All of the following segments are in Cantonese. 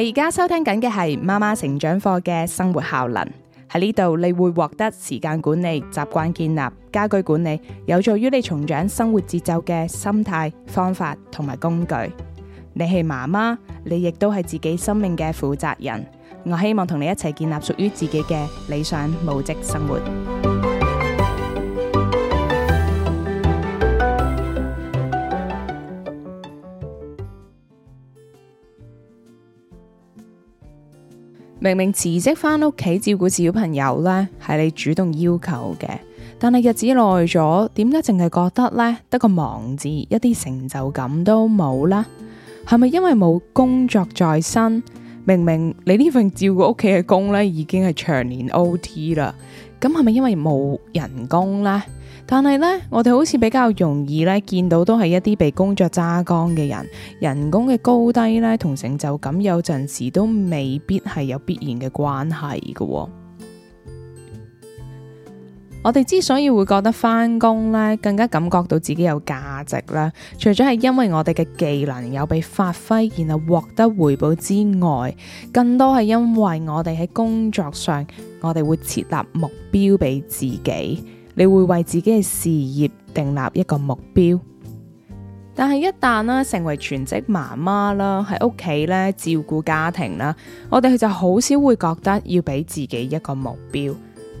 你而家收聽緊嘅係媽媽成長課嘅生活效能，喺呢度你會獲得時間管理、習慣建立、家居管理，有助於你重掌生活節奏嘅心態、方法同埋工具。你係媽媽，你亦都係自己生命嘅負責人。我希望同你一齊建立屬於自己嘅理想母職生活。明明辭職返屋企照顧小朋友呢，係你主動要求嘅，但係日子耐咗，點解淨係覺得呢得個忙字，一啲成就感都冇啦？係咪因為冇工作在身？明明你呢份照顧屋企嘅工呢，已經係長年 OT 啦，咁係咪因為冇人工呢？但係咧，我哋好似比較容易咧，見到都係一啲被工作榨乾嘅人，人工嘅高低咧，同成就感有陣時都未必係有必然嘅關係嘅。哦。我哋之所以會覺得返工咧，更加感覺到自己有價值啦，除咗係因為我哋嘅技能有被發揮，然後獲得回報之外，更多係因為我哋喺工作上，我哋會設立目標俾自己。你會為自己嘅事業訂立一個目標，但係一旦咧成為全職媽媽啦，喺屋企咧照顧家庭啦，我哋就好少會覺得要俾自己一個目標。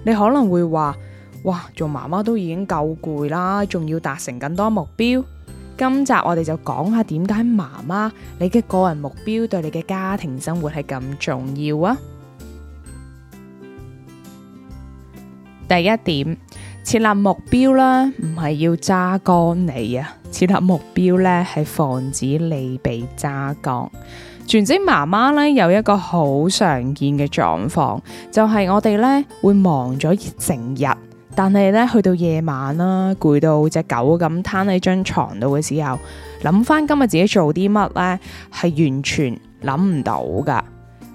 你可能會話：哇，做媽媽都已經夠攰啦，仲要達成咁多目標。今集我哋就講下點解媽媽你嘅個人目標對你嘅家庭生活係咁重要啊。第一點。設立目標咧，唔係要揸乾你啊！設立目標咧，係防止你被揸乾。全職媽媽咧，有一個好常見嘅狀況，就係、是、我哋咧會忙咗成日，但係咧去到夜晚啦，攰到隻狗咁攤喺張床度嘅時候，諗翻今日自己做啲乜咧，係完全諗唔到噶。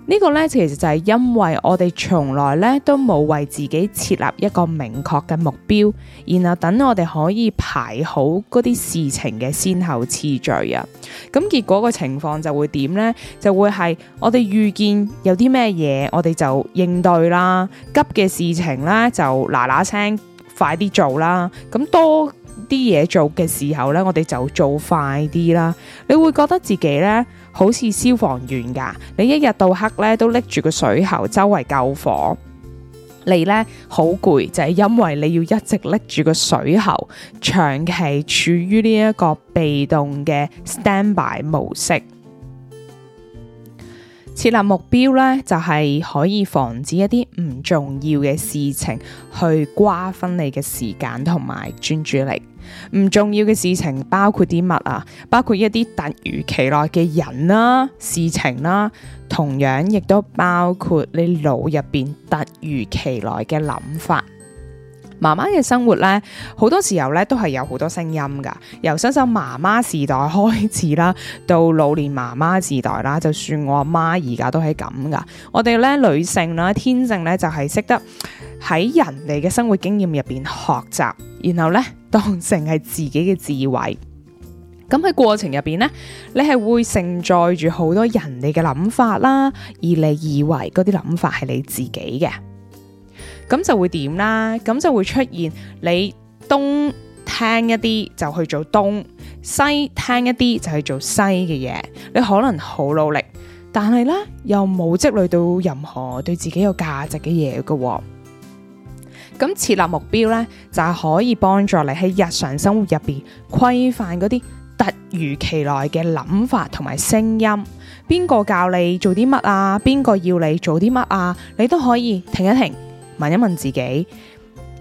呢、呢個呢，其實就係因為我哋從來呢都冇為自己設立一個明確嘅目標，然後等我哋可以排好嗰啲事情嘅先後次序啊。咁、嗯、結果個情況就會點呢？就會係我哋遇見有啲咩嘢，我哋就應對啦。急嘅事情呢就嗱嗱聲快啲做啦。咁、嗯、多啲嘢做嘅時候呢，我哋就做快啲啦。你會覺得自己呢。好似消防員噶，你一日到黑咧都拎住個水喉周圍救火，你咧好攰，就係因為你要一直拎住個水喉，長期處於呢一個被動嘅 standby 模式。設立目標呢，就係、是、可以防止一啲唔重要嘅事情去瓜分你嘅時間同埋專注力。唔重要嘅事情包括啲乜啊？包括一啲突如其來嘅人啦、啊、事情啦、啊，同樣亦都包括你腦入邊突如其來嘅諗法。媽媽嘅生活咧，好多時候咧都係有好多聲音噶。由新手媽媽時代開始啦，到老年媽媽時代啦，就算我阿媽而家都係咁噶。我哋咧女性啦，天性咧就係識得喺人哋嘅生活經驗入邊學習，然後咧當成係自己嘅智慧。咁喺過程入邊呢，你係會承載住好多人哋嘅諗法啦，而你以為嗰啲諗法係你自己嘅。咁就會點啦，咁就會出現你東聽一啲就去做東，西聽一啲就去做西嘅嘢。你可能好努力，但係咧又冇積累到任何對自己有價值嘅嘢嘅。咁設立目標呢，就係可以幫助你喺日常生活入邊規範嗰啲突如其來嘅諗法同埋聲音。邊個教你做啲乜啊？邊個要你做啲乜啊？你都可以停一停。問一問自己，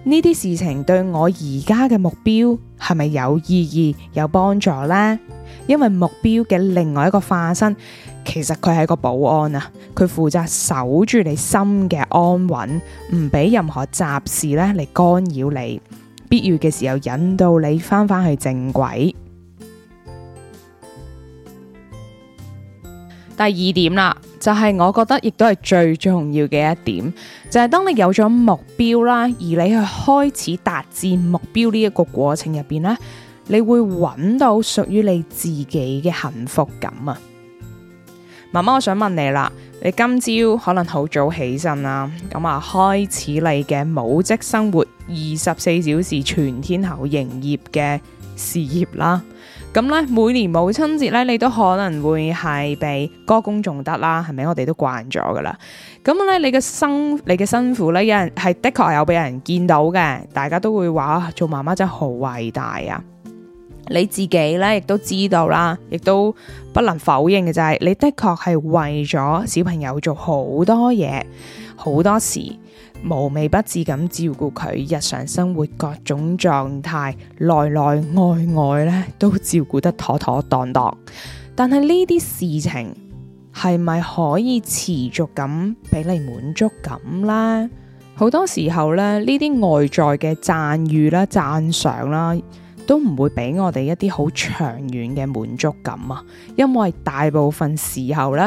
呢啲事情對我而家嘅目標係咪有意義、有幫助呢？因為目標嘅另外一個化身，其實佢係個保安啊，佢負責守住你心嘅安穩，唔俾任何雜事咧嚟干擾你，必要嘅時候引導你翻翻去正軌。第二點啦，就係、是、我覺得亦都係最重要嘅一點，就係、是、當你有咗目標啦，而你去開始達至目標呢一個過程入邊呢，你會揾到屬於你自己嘅幸福感啊！媽媽，我想問你啦，你今朝可能好早起身啦，咁啊開始你嘅無職生活二十四小時全天候營業嘅事業啦。咁咧，每年母親節咧，你都可能會係被歌功頌德啦，係咪？我哋都慣咗噶啦。咁咧，你嘅生，你嘅辛苦咧，有人係的確有俾人見到嘅，大家都會話：做媽媽真係好偉大啊！你自己咧亦都知道啦，亦都不能否認嘅就係、是，你的確係為咗小朋友做好多嘢，好多事。很多無微不至咁照顧佢日常生活各種狀態，內內外外咧都照顧得妥妥當當當。但係呢啲事情係咪可以持續咁俾你滿足感呢？好多時候咧，呢啲外在嘅讚譽啦、讚賞啦。都唔會俾我哋一啲好長遠嘅滿足感啊！因為大部分時候咧，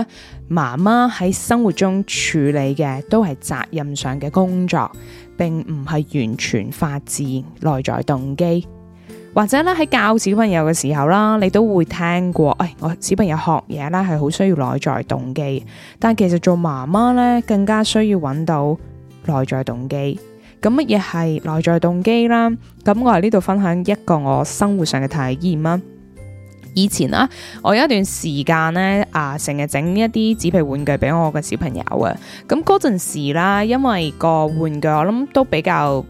媽媽喺生活中處理嘅都係責任上嘅工作，並唔係完全發自內在動機。或者咧喺教小朋友嘅時候啦，你都會聽過，誒、哎，我小朋友學嘢啦係好需要內在動機，但其實做媽媽咧更加需要揾到內在動機。咁乜嘢係內在動機啦？咁我喺呢度分享一個我生活上嘅體驗啦。以前啊，我有一段時間咧啊，成日整一啲紙皮玩具俾我嘅小朋友啊。咁嗰陣時啦，因為個玩具我諗都比較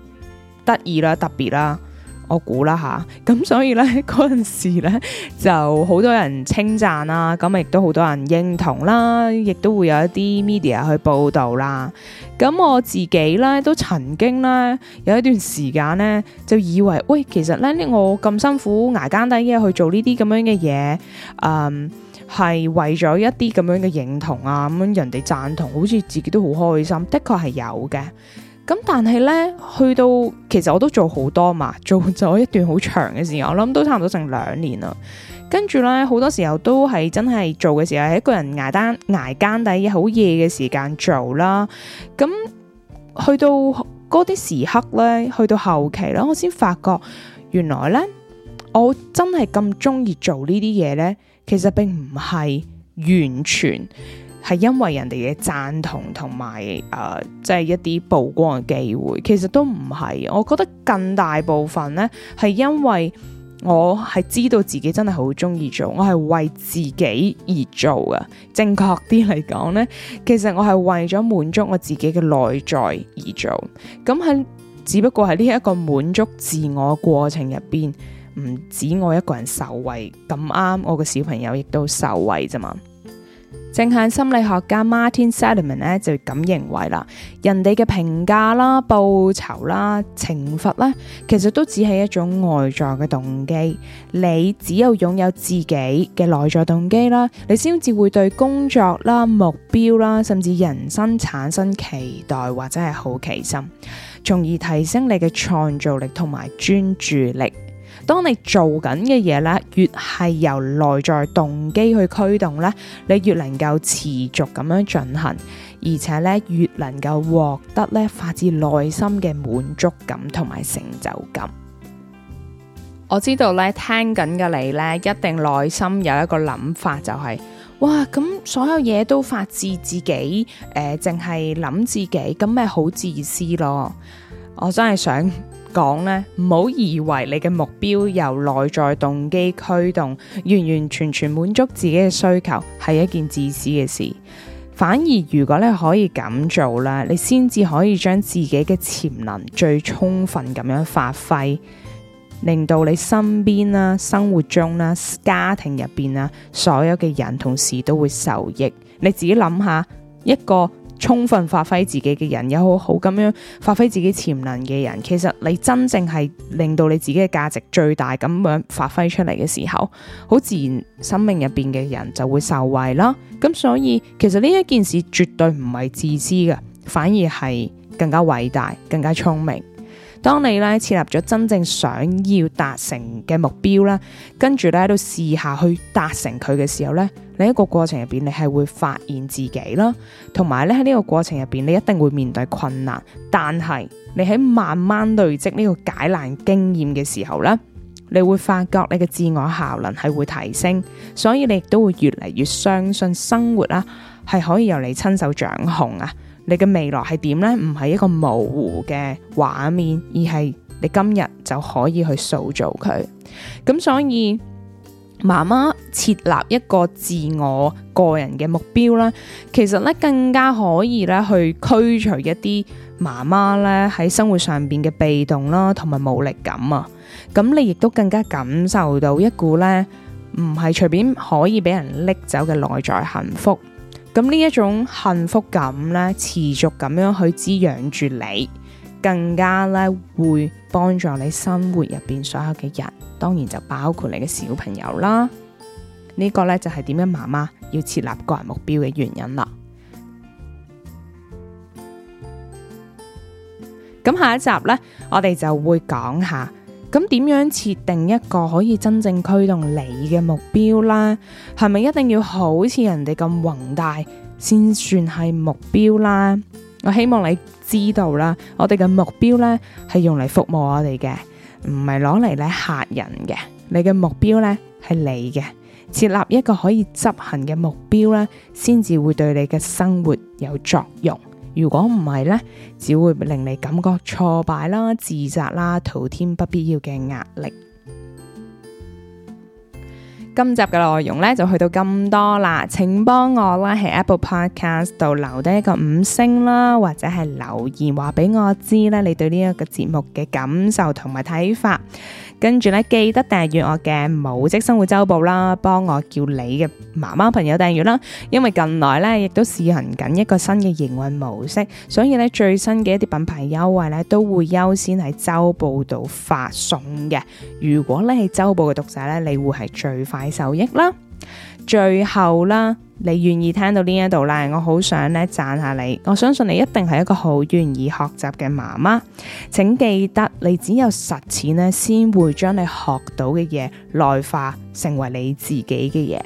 得意啦，特別啦。我估啦吓，咁所以咧嗰陣時咧就好多人稱讚啦，咁亦都好多人認同啦，亦都會有一啲 media 去報道啦。咁我自己咧都曾經咧有一段時間咧就以為，喂，其實咧呢我咁辛苦挨更底嘅去做呢啲咁樣嘅嘢，嗯，係為咗一啲咁樣嘅認同啊，咁樣人哋讚同，好似自己都好開心，的確係有嘅。咁但係咧，去到其實我都做好多嘛，做咗一段好長嘅時間，我諗都差唔多成兩年啦。跟住咧，好多時候都係真係做嘅時候，係一個人挨單挨更底，好夜嘅時間做啦。咁去到嗰啲時刻咧，去到後期啦，我先發覺原來咧，我真係咁中意做這些呢啲嘢咧，其實並唔係完全。係因為人哋嘅贊同同埋誒，即係一啲曝光嘅機會，其實都唔係。我覺得更大部分呢，係因為我係知道自己真係好中意做，我係為自己而做嘅。正確啲嚟講呢，其實我係為咗滿足我自己嘅內在而做。咁喺只不過係呢一個滿足自我過程入邊，唔止我一個人受惠，咁啱，我嘅小朋友亦都受惠咋嘛。正向心理學家 Martin Seligman 咧就咁認為啦，人哋嘅評價啦、報酬啦、懲罰啦，其實都只係一種外在嘅動機。你只有擁有自己嘅內在動機啦，你先至會對工作啦、目標啦，甚至人生產生期待或者係好奇心，從而提升你嘅創造力同埋專注力。當你做緊嘅嘢咧，越係由內在動機去驅動咧，你越能夠持續咁樣進行，而且咧越能夠獲得咧發自內心嘅滿足感同埋成就感。我知道咧聽緊嘅你咧，一定內心有一個諗法，就係、是、哇，咁所有嘢都發自自己，誒淨係諗自己，咁咪好自私咯？我真係想。講咧，唔好以為你嘅目標由內在動機驅動，完完全全滿足自己嘅需求，係一件自私嘅事。反而如果你可以咁做啦，你先至可以將自己嘅潛能最充分咁樣發揮，令到你身邊啦、生活中啦、家庭入邊啦，所有嘅人同事都會受益。你自己諗下，一個。充分發揮自己嘅人，有好好咁樣發揮自己潛能嘅人，其實你真正係令到你自己嘅價值最大咁樣發揮出嚟嘅時候，好自然，生命入邊嘅人就會受惠啦。咁所以，其實呢一件事絕對唔係自私嘅，反而係更加偉大、更加聰明。當你咧設立咗真正想要達成嘅目標啦，跟住咧喺度試下去達成佢嘅時候咧，你一個過程入邊你係會發現自己啦，同埋咧喺呢個過程入邊你一定會面對困難，但係你喺慢慢累積呢個解難經驗嘅時候咧，你會發覺你嘅自我效能係會提升，所以你亦都會越嚟越相信生活啦係可以由你親手掌控啊！你嘅未來係點呢？唔係一個模糊嘅畫面，而係你今日就可以去塑造佢。咁所以，媽媽設立一個自我個人嘅目標啦，其實咧更加可以咧去驅除一啲媽媽咧喺生活上邊嘅被動啦，同埋無力感啊。咁你亦都更加感受到一股咧唔係隨便可以俾人拎走嘅內在幸福。咁呢一種幸福感咧，持續咁樣去滋養住你，更加咧會幫助你生活入邊所有嘅人，當然就包括你嘅小朋友啦。這個、呢個咧就係、是、點樣媽媽要設立個人目標嘅原因啦。咁下一集咧，我哋就會講下，咁點樣設定一個可以真正驅動你嘅目標啦？係咪一定要好似人哋咁宏大先算係目標啦？我希望你知道啦，我哋嘅目標呢係用嚟服務我哋嘅，唔係攞嚟咧嚇人嘅。你嘅目標呢係你嘅，設立一個可以執行嘅目標呢，先至會對你嘅生活有作用。如果唔係呢，只會令你感覺挫敗啦、自責啦，徒添不必要嘅壓力。今集嘅內容呢就去到咁多啦，請幫我啦喺 Apple Podcast 度留低一個五星啦，或者係留言話俾我知啦，你對呢一個節目嘅感受同埋睇法。跟住咧，記得訂閱我嘅《母職生活週報》啦，幫我叫你嘅媽媽朋友訂閱啦。因為近來咧，亦都試行緊一個新嘅營運模式，所以咧，最新嘅一啲品牌優惠咧，都會優先喺週報度發送嘅。如果你係週報嘅讀者咧，你會係最快受益啦。最後啦，你願意聽到呢一度啦，我好想咧讚下你。我相信你一定係一個好願意學習嘅媽媽。請記得，你只有實踐呢，先會將你學到嘅嘢內化成為你自己嘅嘢。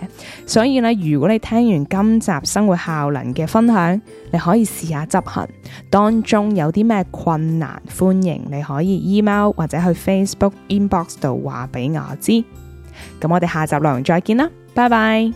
所以咧，如果你聽完今集生活效能嘅分享，你可以試下執行，當中有啲咩困難，歡迎你可以 email 或者去 Facebook inbox 度話俾我知。咁我哋下集內容再見啦。拜拜。